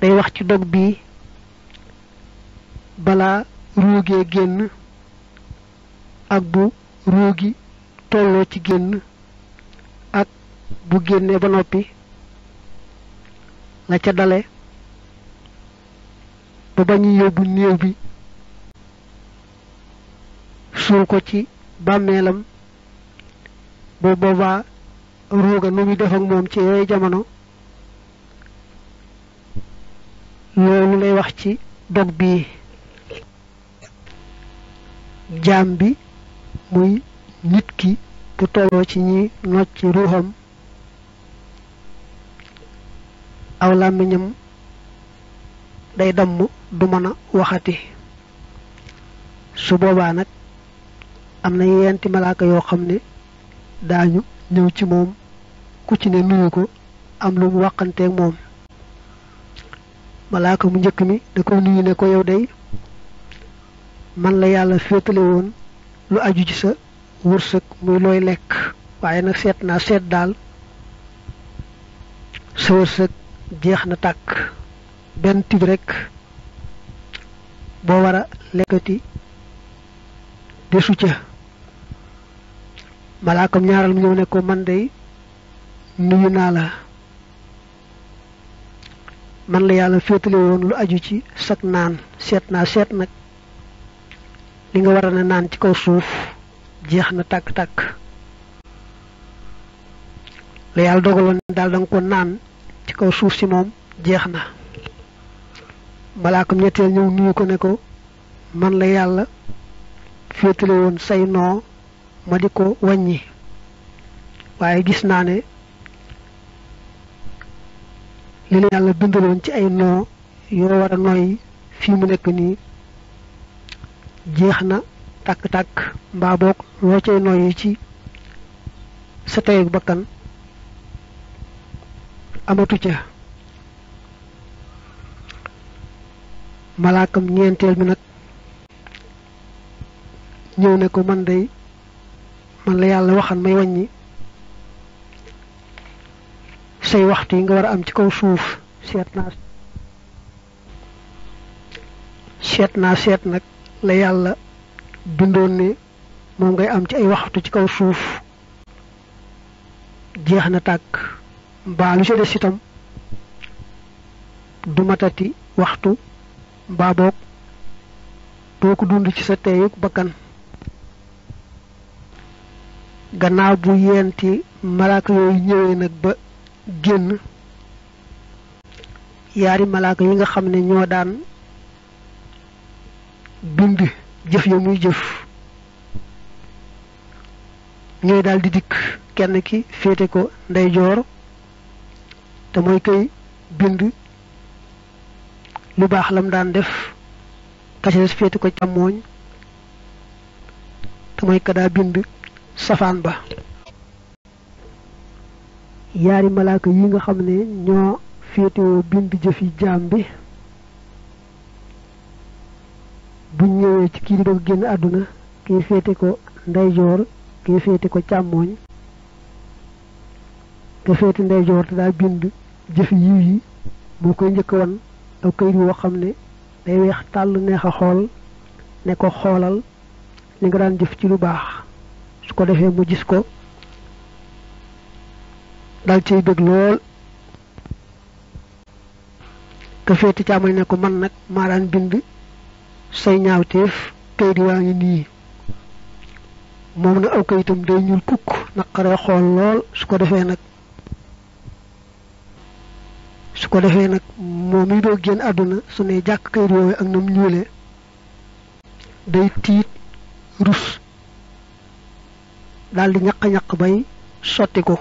day wax ci dog bi balaa ruugee génn ak bu ruugi tolloo ci génn ak bu génnee ba noppi la ca dale ba ba yóbbu néew bi suul ko ci bàmmeelam boo boobaa ruuga nu muy def ak moom ci yooyu jamono lu lay wax ci dog bii jaam bi muy nit ki bu tolloo ci ñi nocc ruuxam aw làmmiñam day damm du mën a waxati su boobaa nag am na yeenti malaaka yoo xam ne daañu ñëw ci moom ku ci ne nuyu ko am lu mu wàqanteeg moom malaaka mu njëkk mi da ko nuyu ne ko yow day man la yàlla féetale woon lu aju ci sa wërsëg muy looy lekk waaye nag seet naa seet daal sa wërsëg jeex na tàkk benn tib rek boo wara a lekkati desu ca malaakam ñaaral mu ñëw ne ko man day nuyu naa la man la yàlla féetale woon lu aju ci sag naan seet naa seet nag li nga war a naan ci kaw suuf jeex na tàkk-tàkk la yàlla dogaloon daal da ko naan ci kaw suuf si moom jeex na malaakam ñetteel ñëw nuyu ko ne ko man la yàlla féetale woon say noo ma di ko waññi waaye gis naa ne li la yàlla bindaloon ci ay noo yoo war nooy fii mu nekk nii jeex na tàkk-tàkk mbaa boog loo cay nooy ci sa tey bakkan amatu ca malaakam ñeenteel mi nag ñëw ne ko man day man la yàlla waxan may wàññi say waxtu yi nga war am ci kaw suuf seet naa seet naa seet nag la yàlla bindoon ne moom ngay am ci ay waxtu ci kaw suuf jeex na tàkk mbaa lu ci des itam du matati waxtu mbaa boog doo ko dund ci sa teeyuk bakkan gannaaw bu yenti malaaka yooyu ñëwee nag ba génn yaari malaaka yi nga xam ne ñoo daan bind jëf ya muy jëf ñooy daal di dikk kenn ki féete ko ndeyjoor te mooy koy bind lu baax lam daan def kasees féete ko càmmooñ te mooy ka daa bind safaan ba yaari malaaka yi nga xam ne ñoo féetewoo bind jëfi jaam bi buñ ñëwee ci kii di doog génn àdduna kii féete ko ndeyjoor kii féete ko càmmooñ ka féete ndeyjoor te daa bind jëfi yiw yi moo koy njëkk wan aw kayit woo xam ne day weex tàll neex a xool ne ko xoolal li nga daan jëf ci lu baax su ko defee mu gis ko dal ciy bëgg lool ka féete ca ne ko man nag maa bind say ñaawteef kay di waa ngi nii moom na aw kayitam day ñuul kukk naqaree xool lool su ko defee nag su ko defee nag moom yi doo génn àdduna su ne jàkk kayit ak nam ñuule day tiit rus daldi ñaq ñaq bay sotti ko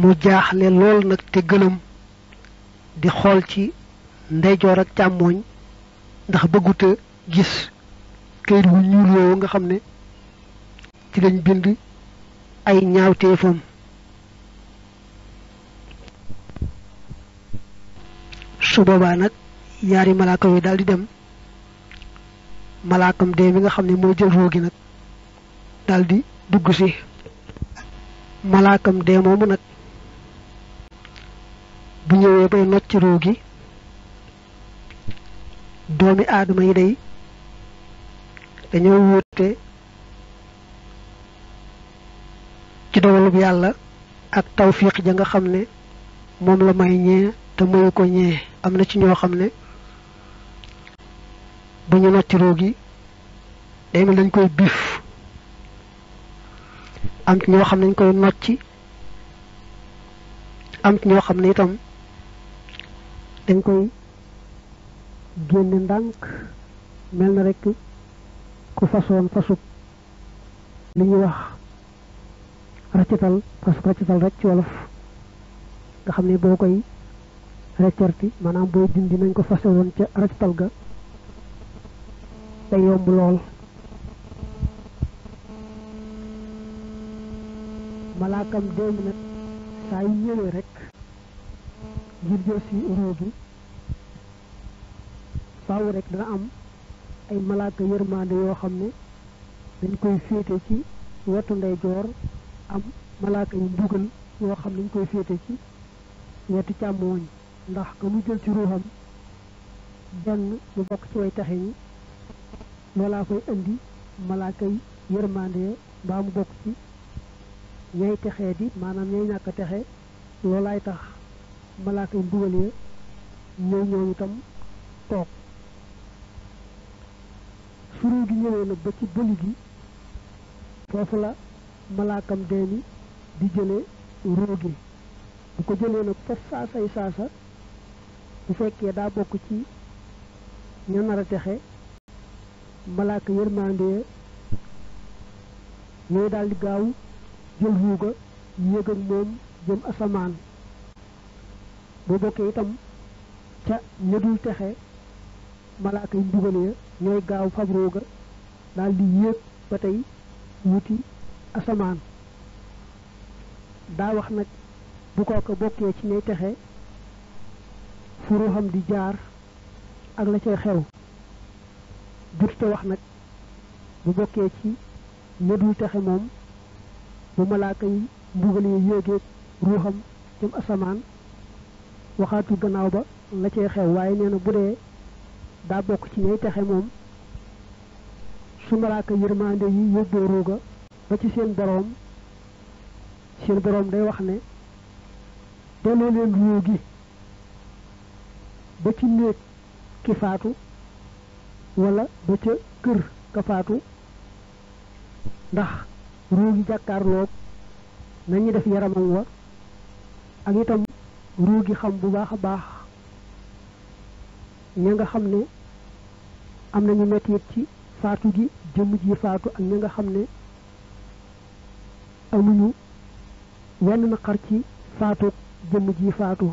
mu jaaxle lool nag te gëlëm di xool ci ndeyjoor ak càmmooñ ndax bëgguta gis këyit wu ñuul woowu nga xam ne ci lañ bind ay ñaawteefam su boobaa nag yaari malaaka yooyu daal dem malaakam dee mi nga xam ne moo jël roo gi nag daldi di dugg si malaakam dee moomu nag bu ñëwee bay nocc ruu gi doomi aadama yi day dañoo wuute ci dogalub yàlla ak tawfiq ja nga xam ne moom la may ñee te mayu ko ñëwee am na ci ñoo xam ne bu ñu nocc ruu gi day mel dañ koy biif am ci ñoo xam ne dañ koy nocci am ci ñoo xam ne itam dañ koy génne ndànk mel na rek ku fasoon fasub li ñuy wax raccatal fasub raccatal rek ci wolof nga xam ne boo koy reccerti maanaam dindi nañ ko ca ga day yomb lool malaakam nag saa yu rek गिरजो मलायो कोसींदा कई भुॻला मला कई यर मां बगी यान में मला कंदम टो न बची बुलगी सल कम जिज न पासे केॾा पोइ कुझी मलाक निर्मांडे गाऊ जुॻ असमान bo bokkee itam ca ña dul texe malaaka yi mbugal ya ñooy gaaw fabroo ga daal di yéeg ba tey wuti asamaan daa wax nag bu ko ko bokkee ci ñay texe furuham di jaar ak la cay xew jurte wax nag bu bokkee ci ña dul texe moom bu malaaka yi mbugal ya yéegee ruuxam jëm asamaan waxatu gannaaw ba la cey xew waye neena budé da dee ci ñey taxé mom su maraka yërmande yi yóbboo ruuga ba ci seen borom seen borom day wax ne delloo leen ruu ba ci neek ki faatu wala ba ca kër ka faatu ndax ruu gi jàkkaarloog nañu def yaramam wa ak itam ruugi xam bu baax a baax ña nga xam ne am nañu metti ci faatu gi jëmm ji faatu ak ña nga xam ne amuñu wenn xar ci faatu jëmm ji faatu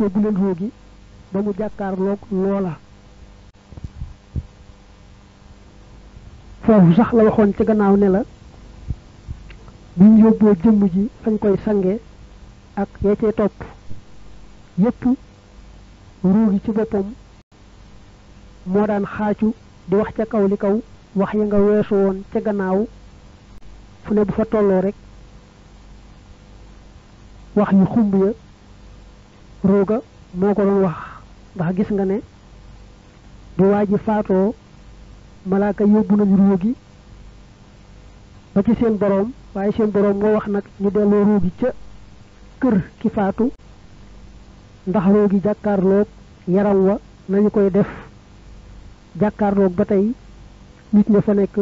yóbbu leen ruugi ba mu loog loola foofu sax la waxoon ci gannaaw ne la buñ yóbboo jëmm ji fañ koy sange ak yee cee topp yépp ruu gi ci boppam moo daan xaacu di wax ca kaw li kaw wax ya nga weesu woon ca gannaaw fu ne bu fa tolloo rek wax yu xumb ya ruuga moo ko doon wax ndax gis nga ne di faatoo malaaka yóbbu nañ ba ci seen waaye seen moo wax nag ñu delloo ca kër ki faatu ndaxloo gi jàkkaarloog yaram wa nañu koy def jàkkaarloog ba tey nit ña fa nekk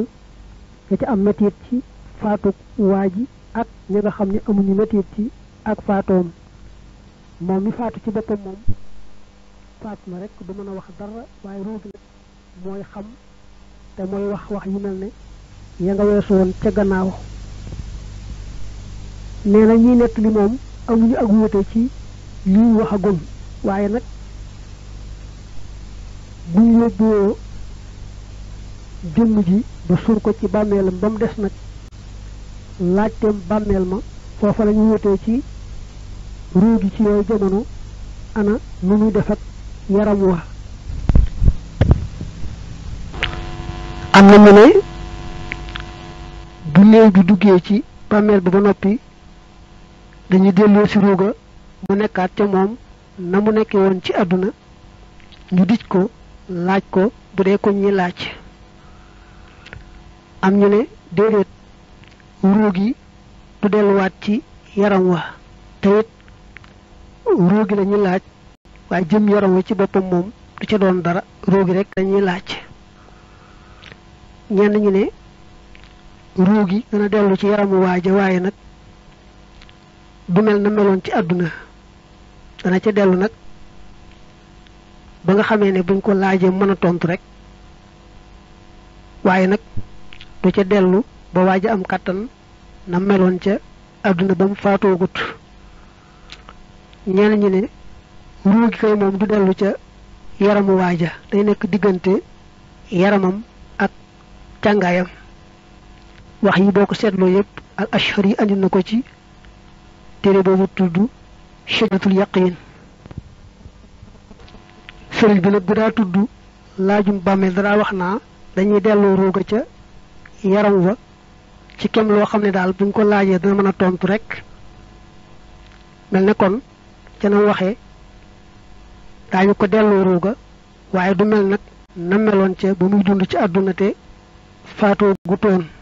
ya ca am métier ci faatu waa ji ak ña nga xam ne amuñu métier ci ak faatoom moom mi faatu ci boppam moom faatu na rek du mën a wax dara waaye roogi mooy xam te mooy wax wax yi mel ne ya nga weesu woon ca gannaaw nee na ñiy nett li moom amuñu ak ci lii waxagum waaye nag buñ yóbboo jëmm ji ba suur ko ci bàmmeelam ba mu des nag laajteem bàmmeel ma foofa la ñu ci ruu gi ci yooyu jamono ana nu muy def yaram wa am na mu ne bu néew bi duggee ci bàmmeel ba ba noppi dañu delloo si ruuga mu nekkaat ca moom na mu nekkee woon ci àdduna ñu dij ko laaj ko bu dee ko ñi laaj am ñu ne déedéet ruu gi du delluwaat ci yaram wa te it ruu laaj waaye jëm yaram wa ci boppam moom du ca doon dara ruu gi rek dañuy laaj ñenn ñu ne ruu gi dana dellu ci yaramu waa ja waaye nag du mel na meloon ci àdduna dana ca dellu nag ba nga xamee ne buñ ko laajee mën a tontu rek waaye nag du ca dellu ba waaj a am kàttan na meloon ca àdduna ba mu faatoogut ñenn ñi ne ruu gi kay moom du dellu ca yaramu waaja day nekk diggante yaramam ak càngaayam wax yi boo ko seetloo yépp al ashar yi andi na ko ci téere boobu tudd shajaratul yaqin sëriñ bi nag bu daa tudd laajum bàmmeel danaa wax naa dañuy delloo rooga ca yaram wa ci kem loo xam ne daal buñ ko laajee dana mën tontu rek mel ne kon ca na waxee daañu ko delloo rooga waaye du mel nag na meloon ca ba muy dund ci àdduna te faatoo gu toon